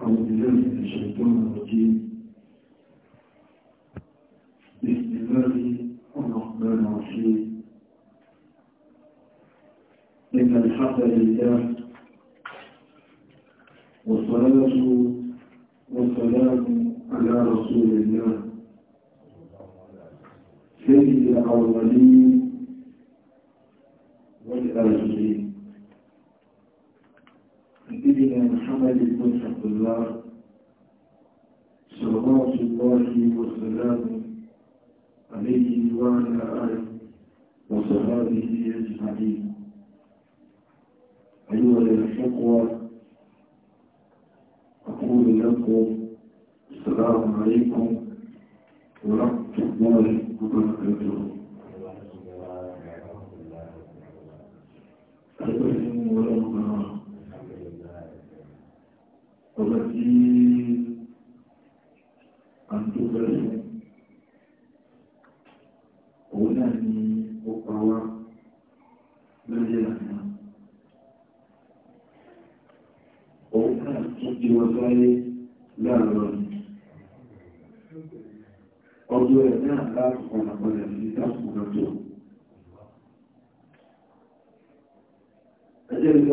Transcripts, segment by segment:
أعوذ بالله من الشيطان الرجيم بسم الله الرحمن الرحيم إن الحمد لله والصلاة والسلام على رسول الله سيد الأولين والآخرين سيدنا محمد بن عبد الله صلوات الله وسلامه عليه وعلى آله وصحابه أجمعين أيها الإخوة أقول لكم السلام عليكم ورحمة الله وبركاته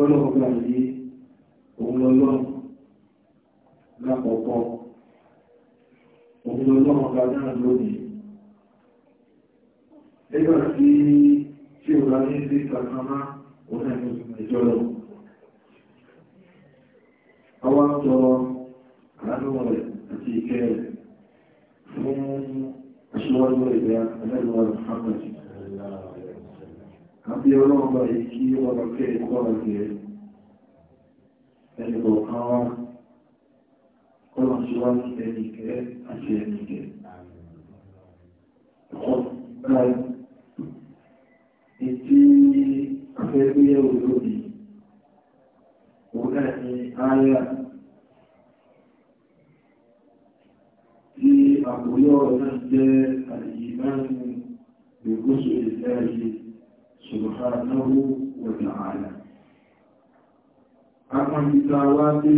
tọ́lọ́wọ́ gbà òun lọ́lọ́run lápọ̀pọ̀ òun lọ́lọ́run ọba lónìí nígbà tí tí ò bá ní sí kàkàmá òun náà ní àbí ọlọ́run bá yìí kí ọ̀rọ̀ kẹ́ kan wá kọ́lọ̀ ní ẹnìkẹ́ àti ẹnìkẹ́ ìtí afẹ́gbéyẹ̀ olóbi òun ni àyà tí àkóyọ̀ náà jẹ́ àyíká ní gbogbo ìfẹ́ yìí subhanahu wa ta'ala àwọn ìta wá pé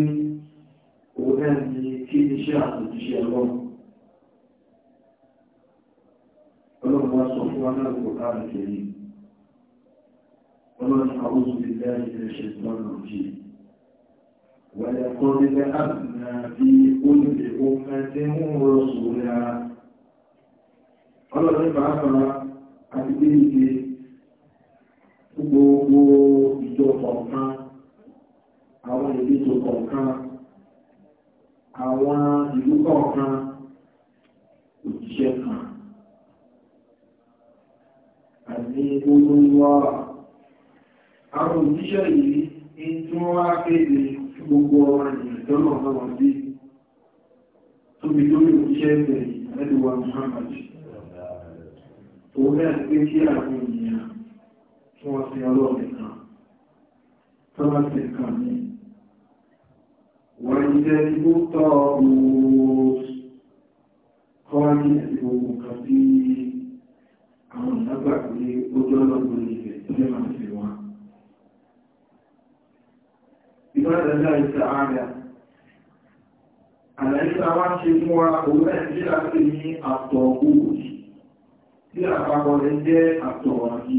òun ẹni kí iṣẹ́ àtòjíṣẹ́ ọlọ́run ọlọ́run wá sọ fún aláàbò káàkiri ọlọ́run àwọ́sù ti lẹ́yìn ẹ̀ṣẹ̀ lọ́nà jì wẹ̀lẹ̀ kan nílẹ̀ àbìnà àti pé gbogbo ìjọ kọ̀ọ̀kan àwọn ìletò kọ̀ọ̀kan àwọn ìlú kọ̀ọ̀kan òjíṣẹ́ kan àti olóńgbò àwọn òjíṣẹ́ yìí ní tí wọ́n wá kéde fún gbogbo ọmọ ènìyàn tọ́nà náà sí tóbi lórí òjíṣẹ́ ẹgbẹ̀rẹ̀ ẹ̀dùwà Muhammad òun náà pé kí àwọn ènìyàn kí wọ́n sí ọlọ́run nìkan tó wá sí nǹkan ní wọ́n jẹ́ ibú tọ́ kọ́ ní ẹ̀sìn ogun kan tí àwọn ìdágbà pé ó jọ́ lọ́gbọ̀n ilẹ̀ tó lè máa fi wọn ìbádẹ́lá ìta ààrẹ àlàíṣà wá ṣe fún wa òun ẹ̀sìn láti ní àtọ̀ òkú tí àpapọ̀ rẹ̀ àtọ̀ àti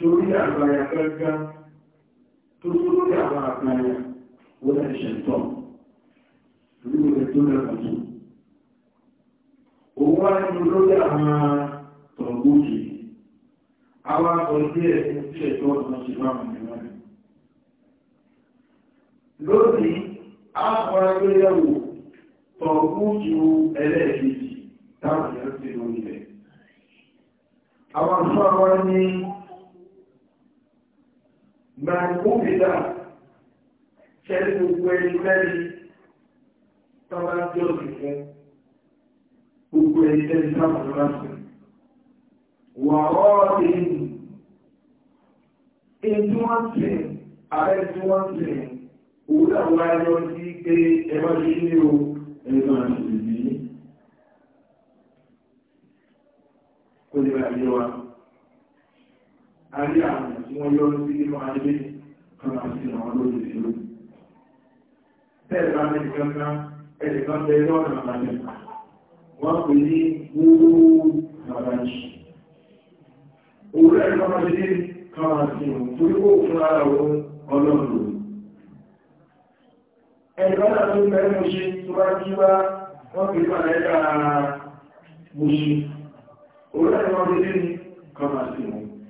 torí àwọn àyàkágá tó tó lórí àwọn àpáyà wọ́n lè na lórí rẹ̀ tó lẹ́kọ̀ọ́ tó òun wá nínú lórí àwọn tọ̀gbójì àwọn àtọ̀jú ẹ̀ tí ẹ̀tọ́ ọ̀sán ṣe máa mọ̀ lórí ẹlẹ́ẹ̀kejì táwọn ti lórí rẹ̀ àwọn máa kó bìtà ṣẹ́ni gbogbo ẹni lẹ́ni tọ́ba jọ ìfún gbogbo ẹni lẹ́ni táwọn ọ̀rọ̀ láti wà ọ́rọ̀ èyí èyí tí wọ́n sìn ààrẹ tí wọ́n sìn òun làwọn ayọ̀ sí pé ẹ má ṣe ní o ẹni máa ṣe lè bí kó wọ́n yọ sí nínú ayé kan àti àwọn lórí ìlú. Bẹ́ẹ̀ bá ní kan ná ẹ̀sìn kan bẹ lọ́nà àbájá. Wọ́n pè ní gbogbo àbájá. Òwúrọ̀ ẹ̀rọ máa ṣe kan àti ìrùn torí kò fún ara òun ọlọ́run. Ẹ̀rọ náà tó bẹ́ẹ̀ mo ṣe tó bá kí wá wọ́n pè ní àlẹ́kà mo ṣe. Òwúrọ̀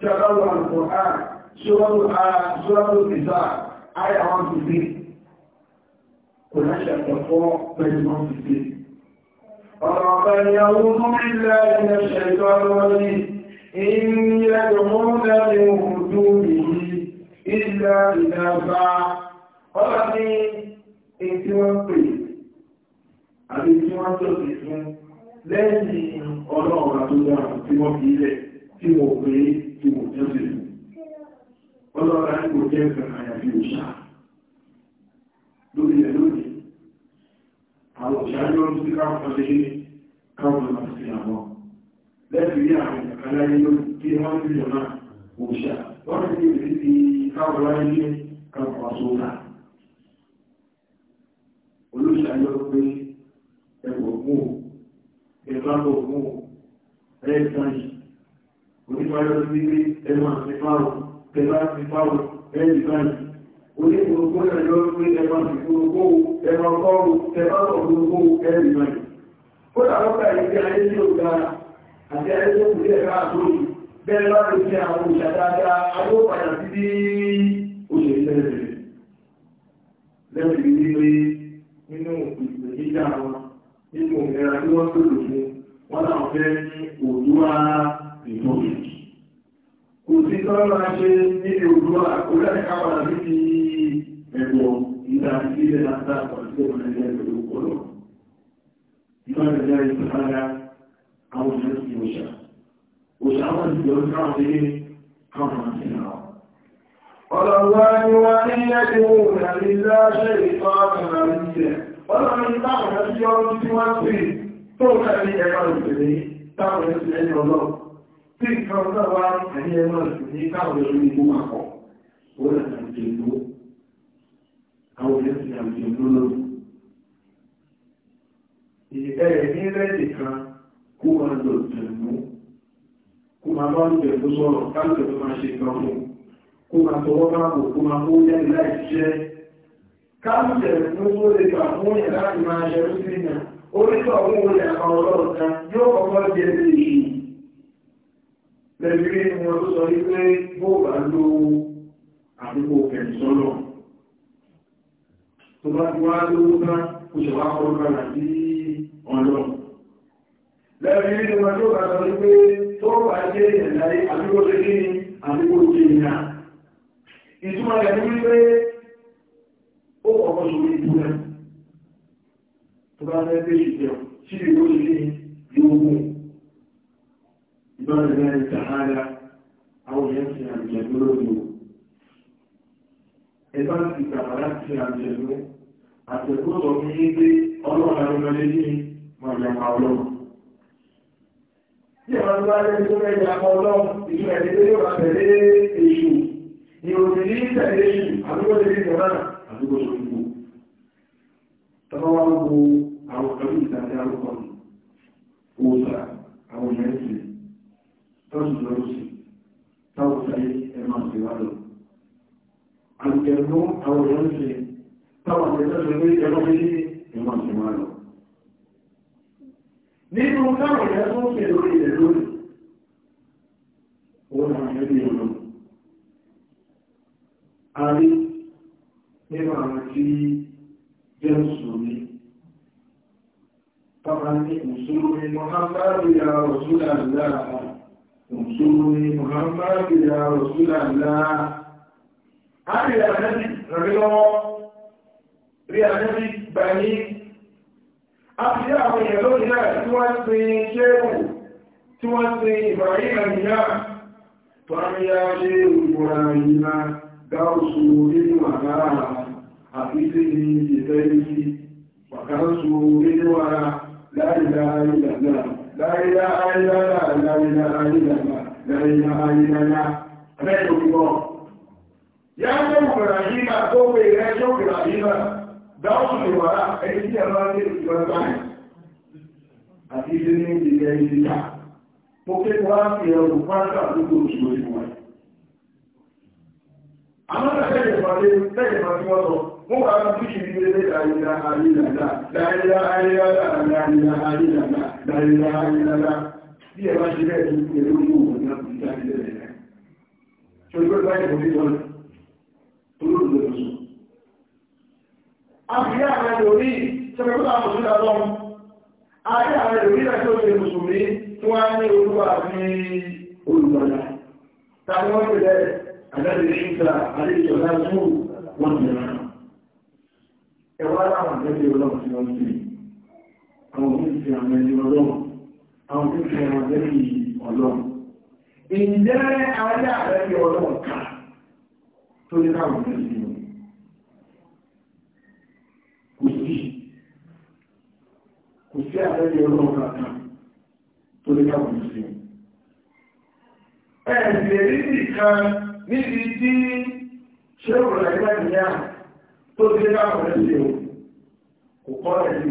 تقوى القرآن سورة آه سورة النساء آية 153 ونشأ القرآن بين 153 ربنا يعوذ بالله من الشيطان الرجيم إن يدعون من دونه إلا إنافا ولكن إن كنت àti tí wọ́n tó ti fún lẹ́yìn ọlọ́run àtúndà tí wọ́n fi ilẹ̀ tí wọ́n pè é ti kò tẹ́sẹ̀ ọlọ́ra ní kò tẹ́sẹ̀ àyàfi òṣà lórí ẹ̀ lónìí àwọn òṣàjọ́ sí káwọn lè káwọn lọ sí àwọn lẹ́sìn ní àwọn aláyé lórí tí wọ́n ń lè máa òṣà wọ́n ti lè rí ti káwọn láyé káwọn sóta olóṣàjọ́ pé ẹ̀wọ̀ mú ẹ̀fà bọ̀ mú ẹ̀ẹ́sàn yìí onígbàjọ́ sí wípé ẹmà sífáwò tẹ́lá sífáwò ẹ̀yìn báyìí onígbòrògbò ẹ̀yọ́ pé ẹmà sífòrògbò ẹmà kọ́rù tẹ́lá ọ̀gbòrògbò ẹ̀yìn báyìí ó dàrọ́kà ìgbé ayé tí ó ga àti ayé tó kù lẹ́ẹ̀ká àtòyì bẹ́ẹ̀ bá lè fi àwọn ìṣàdáadá agbópadà sí bí òṣèré lẹ́sẹ̀ lẹ́sẹ̀ wípé nínú ìgbèjíjà wọn nínú ìlera tí wọ́n tó lò fún wọn láwọn fẹ́ ní sọ́rọ̀ ṣe níbi òdúwà orílẹ̀ káwàrà níbi ẹ̀bọ̀ ìdá sí ilẹ̀ láti àpọ̀lẹ́sẹ̀ ìrìnlẹ̀ pẹ̀lú ọ̀pọ̀lọ́ ìfàgbẹ̀lẹ̀ ìfàgbà àwọn ìrìnlẹ̀ òṣà òṣà wọn ti lọ káwọn ṣe káwọn ṣe náà ọlọ́wọ́ ni wọ́n ní ẹgbẹ̀rún ìrìnlẹ̀ ṣe ìfàgbà níbẹ̀ ọlọ́run táwọn ẹgbẹ̀rún tí wọ́n pè tó kẹ́ tí nǹkan ọ̀dọ́ wa ẹ̀yẹ ẹ̀rọ ní káwọn ẹ̀rọ ní gbọ́n àpọ̀ ó lè ta ìjẹ̀lú àwọn ẹ̀rọ ti àwọn ìjẹ̀lú lórí. ìyẹ̀kẹ́ ẹ̀ ní rẹ́ẹ̀dì kan kó máa lọ ìjẹ̀lú kó máa bá ìjẹ̀lú sọ̀rọ̀ káwọn tẹ̀lé ní ọdún sọ wípé bó bá lo àdúgbò kẹ̀lì sọ́lọ̀ tó bá ti wá lówó náà kò ṣe wá kọ́ lọ́la sí ọlọ́ lẹ́yìn ní wọn tó bá sọ wípé tó bá jẹ́ ìrìnláyé àdúgbò ṣe kí ni àdúgbò ṣe ìrìnà ìtumọ̀ rẹ̀ ní wípé ó kọ̀kọ́ sórí ìdúrà tó bá fẹ́ fẹ́ ṣùgbọ́n sí ìwé òṣèlú ìlú ogun بمعنى ذلك تعالى أو ينفي عن جنوده إذا في كفرات عن جنوده àtẹ̀kọ́ sọ fún yí pé ọlọ́run àwọn ọmọdé ní mọ̀jàmà ọlọ́run. Tí àwọn ọmọ alẹ́ tó mẹ́jọ àwọn ọlọ́run ìṣú ẹ̀dẹ́ tó yóò tẹ̀lé èṣù, ni òbí ní tẹ̀lé èṣù àdúgbò lè rí ìjọba àdúgbò tó gbogbo. Tọ́wọ́ wá gbogbo àwọn ọ̀dọ́ ìtàkì àrùkọ òòsà àwọn ìyẹn lọ́sùn lọ́sùn táwọn sáyé ẹ máa fi wá lọ. àjẹ̀mú àwọn èèyàn ṣe táwọn àjẹ̀mú ṣe ẹ máa fi ẹ máa fi wá lọ. nínú táwọn èèyàn tó ń ṣe lórí ilẹ̀ lónìí òun àwọn èèyàn bí ọ̀nà. a rí nínú àwọn tí jẹ́sùn ní Tọ́ka ní Mùsùlùmí Mọ́hámbá rí àwọn Rọ̀súlà lára Mùsùlùmí Muhammadu ya Rasulullah. A rí ànẹ́bí rẹ̀ lọ́wọ́, rí ànẹ́bí gbà ní. A fi àwọn èèyàn lónìí náà tí wọ́n ti ṣéwù, tí wọ́n ti Ibrahim Àmìyá, tó àmì ya ṣe ìwòrán yìí náà nínú àgbára àti sí la ilaha illallah la ya máa ya ya tí a ya ya ya ya ya ya ya ya ya ya wọ́n wà á láìláà ìlàlá bí ẹ bá ṣe bẹ́ẹ̀ tó kú ẹ̀rọ mú òun náà kò dá ilé rẹ̀ ṣogbọ́n bá ẹ̀kọ́ ní tọ́lá tó ló lọ sọ. àbí àwọn ẹlòmí sọ̀rọ̀kọ́ta mùsùlùmí lọ́wọ́ àbí àwọn ẹlòmí láti ọ̀sẹ̀ mùsùlùmí tó wá ní olúwa àti olùgbàlà táwọn wọ́n ti bẹ̀rẹ̀ àdáyé ṣúta àlejò láti mú wọn jẹ̀rọ ẹ̀wọ́n aláwọ̀ àgbẹ̀bẹ̀ ọlọ́run ti wọ́n ti rí àwọn oníṣẹ́ àwọn ẹni ọlọ́run àwọn oníṣẹ́ àwọn ẹni ọlọ́run ìjẹ́ alẹ́ àbẹ́bí ọlọ́run ká tó ní káwọn oníṣẹ́ ìlú kò sí kò sí àbẹ́bí ọlọ́run ká tó ní káwọn oníṣẹ́ ìlú ẹ̀ẹ̀dẹ̀ ìdí kan níbi tí ṣé òun rẹ̀ náà ní tó ní káwọn oníṣẹ́ ìlú kò kọ́ ẹ̀ sí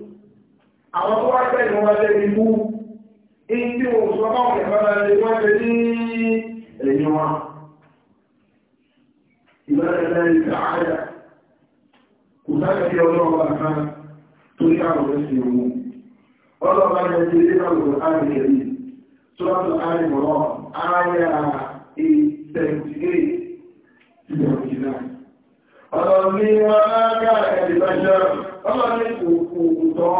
àwọn tó wá tẹ́lẹ̀ wọ́n tẹ́ ní mú in tí wọ́n sọ bá wọn ìfẹ́ra lè wọ́n tẹ́ ní ẹ̀yìn wọn ìbẹ́rẹ̀ lẹ́yìn sàáyà kò sáré bí ọlọ́ọ̀bà kan tó ní àwọn ẹ̀sìn òun ọlọ́ọ̀bà yẹn ti rí àwọn àmì ẹ̀rí tó bá tó àmì mọ̀rọ̀ ààyà ìtẹ̀kùtìgé ìtẹ̀kùtìgé ọlọ́ọ̀bí wọn á ká ẹ̀dìbájọ́ ọlọ́ọ̀bí kò kò tán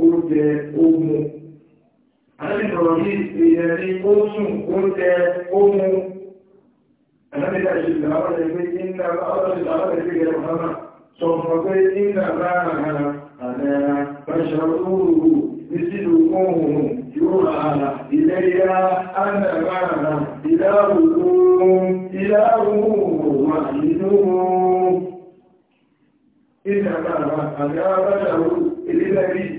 oúnjẹ omu alẹ́nìkọ̀rọ̀ ní ìpìlẹ̀ ní oṣù oúnjẹ omu ẹ̀lẹ́nìkà ìṣẹ̀lẹ̀ àwọn ẹgbẹ́ tí ń dára ọ̀rọ̀ ìṣẹ̀lẹ̀ àwọn ẹgbẹ́ gẹ̀rẹ̀ mọ́nà sọ mọ̀ pé tí ń dára ààrẹ àlẹ́ra pẹ̀ṣẹ̀ olóòrùn nísìlò ohun yóò ààrà ilẹ̀ ìyá ánàmàrà ìlàrùn ìlàrùn wà nínú ìlàrùn àlẹ́ra bẹ́ṣẹ̀ olóòrùn ilẹ̀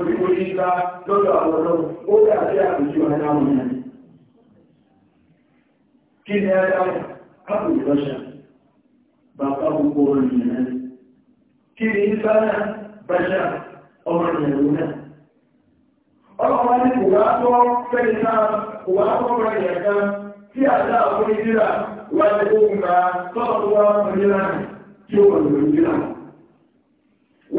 àforíkò ọlọ́run ni kò wá tó fẹ́ni náà kò wá tó rọ ìyẹn kan tí àdá àwọn onídìrà wá ní ogun ká tọ́ọ̀tù wá onídìrà tí ó wà lórí ìdìrà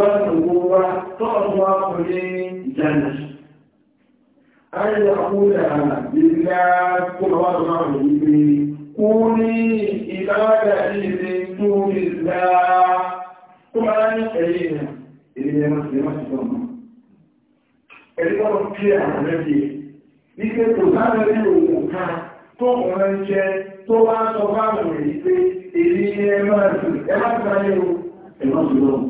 gbogbo wa ọzọ wa kò ní ìjànà ayé àkúrẹ̀ àmà nígbà kó lọ́wọ́ tó máa òkú ká tó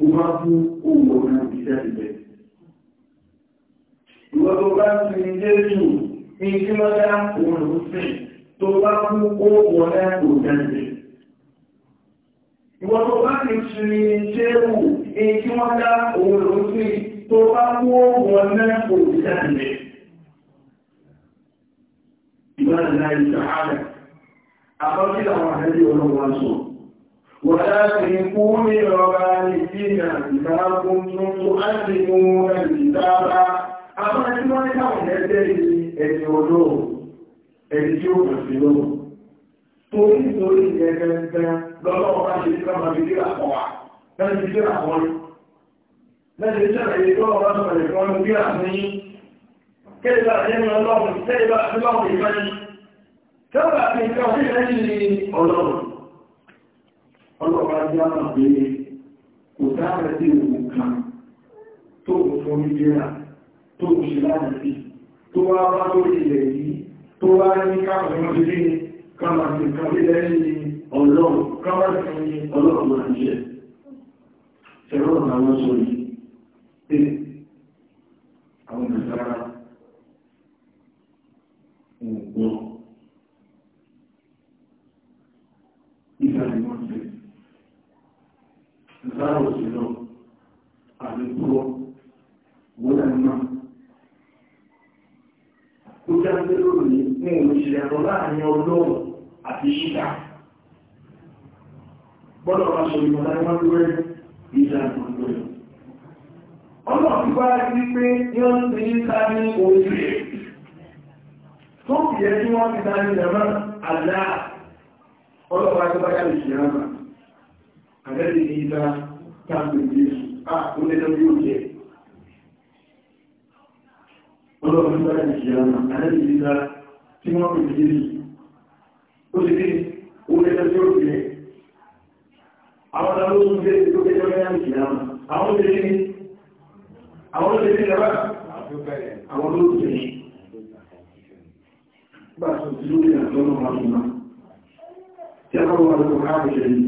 ó máa fún òwò náà iṣẹ́ ìbẹ̀. Ìwọ́n tó bá ń sin Jésù ní kí wọ́n dá òun ló sìn tó bá fún òwò náà kò jáde. Ìwọ́n tó bá ti sin Jésù ní kí wọ́n dá òun ló sìn tó bá fún òwò náà kò jáde. Ìwọ́n náà ìṣàhálẹ̀. Àbọ́sílẹ̀ àwọn àhẹ́lẹ́ ọlọ́wọ́ sọ̀rọ̀. وآتكم للربانيين بما كنتم تؤلمون الكتاب Àwọn ẹni wọ́n ní káwọn ẹgbẹ́ ìrìn ẹni olóòrùn, ẹni tí ó kà sí lóòrùn. Torí nítorí ẹgbẹ̀ẹ́gbẹ̀ lọ́lọ́wọ́ bá ṣe nípa máa fi dé àkọwà, lẹ́ni fi dé àkọrí. Lẹ́ni ìṣẹ́lẹ̀ ìjọ́ ọ̀rọ̀ sọ̀rọ̀ ìfọ́nú bí àmì kẹ́lá ẹni ọlọ́run, ọlọ́pàá jẹ́ àmà pé kò dáàrẹ̀ sí òun kan tó ń forí jẹ́ra tó ń ṣe láti sí tó wá wá lórí ilẹ̀ yìí tó wá ní káàkiri ọdún Àwọn ìsára lára òṣèlú àdúgbò wọ́n mọ́. Ó jáde lórí ní òṣèlú ẹ̀rọ láàrin ọlọ́run àti ṣíkà. Bọ́lọ̀ bá ṣe ìmọ̀ láì wọ́n lórí ìjà ìgbòho. Ọlọ́run bá rí pé yọ́n ti ń ta ní oṣù. Tó kìí ẹ́ tí wọ́n ti ta ní ìjọba àdá ọlọ́run bá ti bá àtẹ́lẹ̀ ní ìta tàbí jésù à ó lé lórí òjẹ́ ọlọ́run tó bára ìṣẹ́ àwọn àtẹ́lẹ̀ ní ìta tí wọ́n pè jésù ó ti dé ó lé lórí òjẹ́ àwọn alóòsùn jẹ́ tó lé lórí ìṣẹ́ àwọn àwọn olè ní àwọn olè ní ìjọba àwọn olóòsùn jẹ́ gbà tó ti lórí àtọ́nà àwọn ọmọ tí a bá wà lórí ààrẹ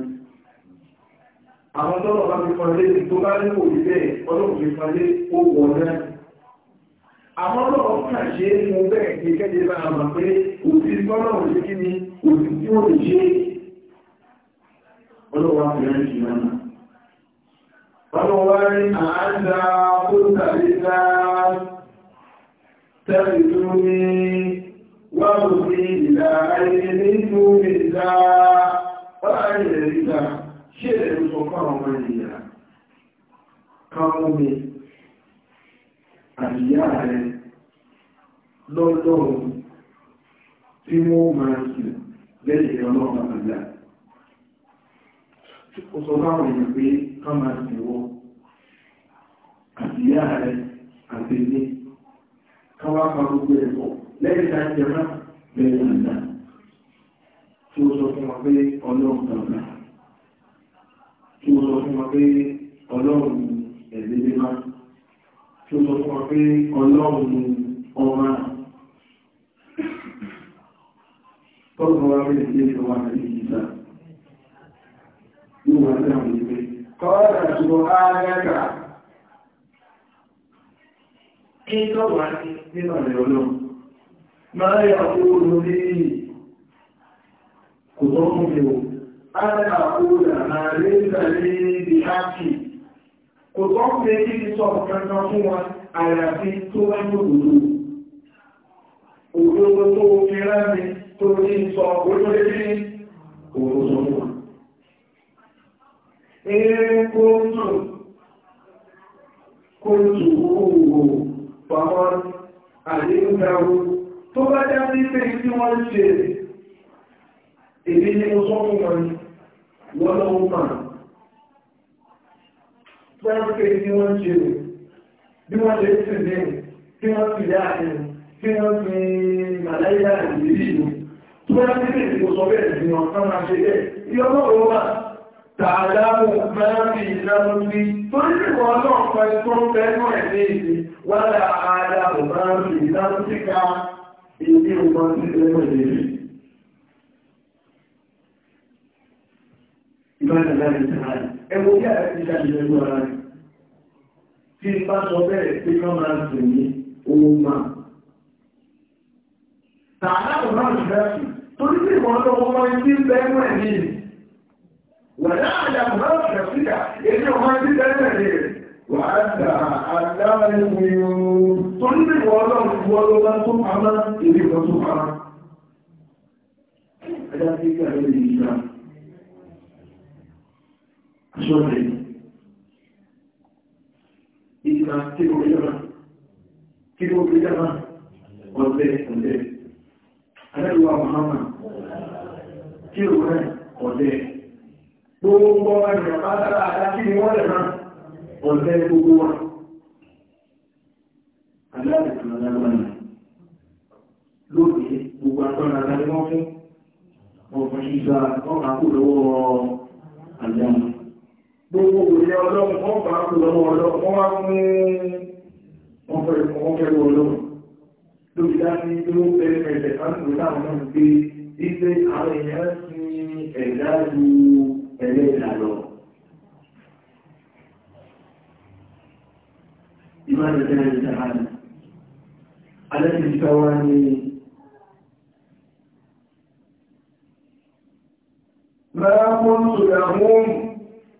àwọn tọ́lọ̀ bá fi fọlé tó bá ní kò wípé ọlọ́pù fi fọlé ó wọ̀ náà àwọn ọlọ́pù náà ṣe é mú bẹ́ẹ̀ ní kẹ́jẹ́ bá a mọ̀ pé kò sí fọ́lọ̀ òṣè kí ni kò sí tí ó lè ṣe ọlọ́pù wa fi rẹ̀ ṣì náà káwọn káwọn mi rẹ lọ́dọ̀ tí wọ́n máa sì lẹ́yìn ọlọ́run àgbà ó sọ báwọn èèyàn pé ká máa sì wọ́ àyíyá rẹ àti káwọn ẹ̀kọ́ lẹ́yìn tá a lẹ́yìn tí ó sọ fún pé ọlọ́run kí mo sọ fún wọn pé ọlọ́run ẹ̀mí mímá kí mo sọ fún wọn pé ọlọ́run ọmọ tọ́jú wa pé ìdílé ìjọ wa àti ìjìdá yóò wá sí àwọn ìgbé kọ́ọ̀dà máa yà kúrò lórí kò tọ́ fún mi أنا أقول ما ليس لي بحقي kò tó ń pè kí sọ kankan fún wọn àyàfi tó bá ní òdòdó òdòdó tó fi rámi tó ní sọ olóòrí òdòdó wọn ẹ̀rẹ́ kó tù kó tù òwò pàmọ́ àdéhùdáwó tó bá já sí pé tí wọ́n ṣe èdè ní mo sọ fún wọn ni wọ́n ló ń mọ̀. Fẹ́ńpé ni wọ́n ṣe rò, bí wọ́n ṣe sì ní, tí wọ́n fi láàrin, tí wọ́n fi màláyà ìrírí ìlú. Tó bá ti lè kò sọ bẹ́ẹ̀ ni wọ́n kán máa ṣe bẹ́ẹ̀. Iye ọlọ́run wà tààdámù máa fi ìlànà sí. Torí tí wọ́n náà pa ikọ́ fẹ́nu ẹ̀ ní ìlú, wọ́n dá àádámù máa fi ìlànà sí ká ìdí ìmọ̀ sí ẹgbẹ̀rẹ̀ ìbára láti sàárì ẹgbẹ́ bí àti ìṣàjẹ̀lẹ́gbọ́ ara rẹ̀ tí bá sọ bẹ́ẹ̀ pé wọ́n máa ń sùn ní owó máa tààrà kò máa ń sùn torí pé ìwọ̀n lọ́wọ́ wọn ti ń bẹ́ẹ̀ mọ́ ẹ̀mí wàdà àjà kò máa ń sùn síkà èyí ọmọ ti bẹ́ẹ̀ mọ́ ẹ̀mí rẹ̀ wàdà àdáwẹ̀ wíwú torí pé ìwọ̀n lọ́wọ́ wọn ló bá tó pamọ́ ìdí ìwọ̀n tó pamọ́ ẹ̀dá sí ìgbà lórí ìṣúra children. It can take over. Take over on this and this. Àdẹ́lú wa kí o rẹ̀ ọ̀dẹ́. Gbogbo ẹ̀rẹ̀ pátá àdájí gbogbo wa. Àdájì kan lágbàmì. gbogbo agbára àdájí fún ọkùnrin gbogbo òye ọlọ́run wọ́n bá kú lọ́wọ́ ọlọ́run wọ́n wá mú wọn fẹ́ wọn fẹ́ wọ ọlọ́run lórí dájú tó bẹ̀rẹ̀ ẹ̀jẹ̀ káàkiri láwọn náà pé ní ما كنت لهم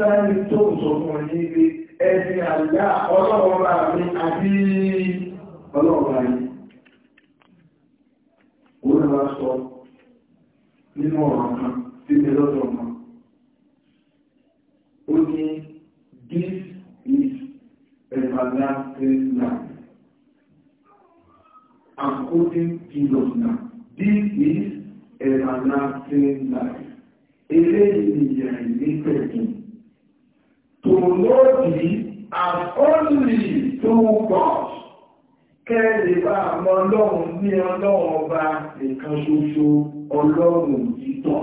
bá ní tó sọ̀rọ̀ ní ibi ẹni àgbà ọlọ́ọ̀rọ̀ àmì àti ọlọ́ọ̀rọ̀ àmì. Ó ní wá sọ nínú ọ̀rọ̀ kan tí mi lọ́dọ̀ mọ́. Ó ní this is everlasting life. I'm to Jesus now, this is everlasting life. Eléyìí is ìyà ìlú pẹ̀lú to know thee as only through God. Kẹ́lẹ̀ bá àmọ́ ọlọ́run ní ọlọ́run ọba nìkan ṣoṣo ọlọ́run títọ̀.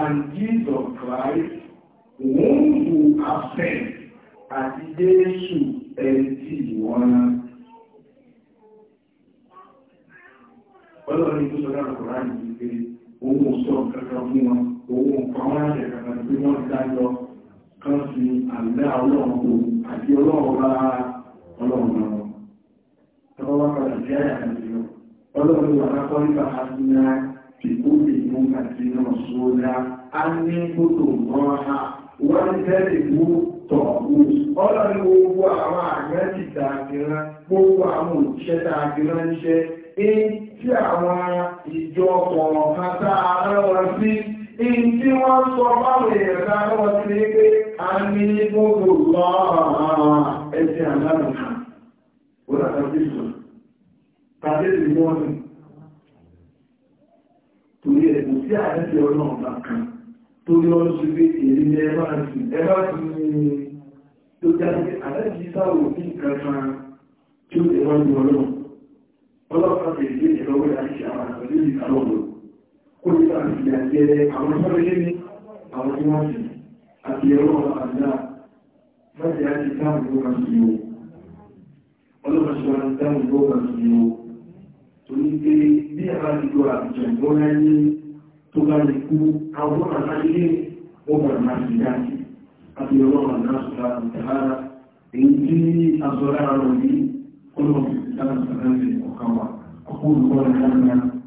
And Jesus Christ, whom you have sent, àti Jésù ẹni tí ìwọ́n náà. Ọlọ́run ní tó sọ lára Kùránì wípé òun ò sọ kankan fún wọn. owó nǹkan kàkà tí wọ́n dájọ́ kan sí àlẹ́ ọlọ́run àti ọlọ́run bá ọlọ́run gbogbo àwọn ti gbogbo àwọn òṣìṣẹ́ tí àwọn ìjọ Ìdí wọ́n sọ báwọn èèyàn dáwọ́ sí ní pé a ní gbogbo lọ́wọ́ ẹ̀sìn àlànà ó dàtà sí ìsọ̀. Tàbí èdè mọ́ ni. Torí ẹ̀kùn sí àẹ́sì ọ̀nà ọ̀nà kan torí wọ́n ṣe pé èrè ní ẹbá ti ẹbá ti ní tó jáde àlẹ́jì sáwò ní kankan tí ó tẹ̀wọ́n ní ọlọ́run. Ọlọ́pàá tẹ̀lé ìlọ́wọ́ kó ní àti àjẹ́ àwọn sọ́rọ̀lé ní àwọn tí wọ́n sì àti ẹ̀rọ àdá láti àti dáhùn ló máa sí o ọlọ́pàá dáhùn ló máa sí o tó ní pé bí a bá ti lọ àbìjọ ìgbọ́nà ní tó bá lè kú àwọn àtàlẹ́ ó máa máa sì dáhùn àti ẹ̀rọ àdá sọ́ra ìtàlára èyí tí a sọ lára rọ̀ yìí ọlọ́pàá dáhùn sọ́ra ìtàlára ọkàn wa ọkùnrin kọ́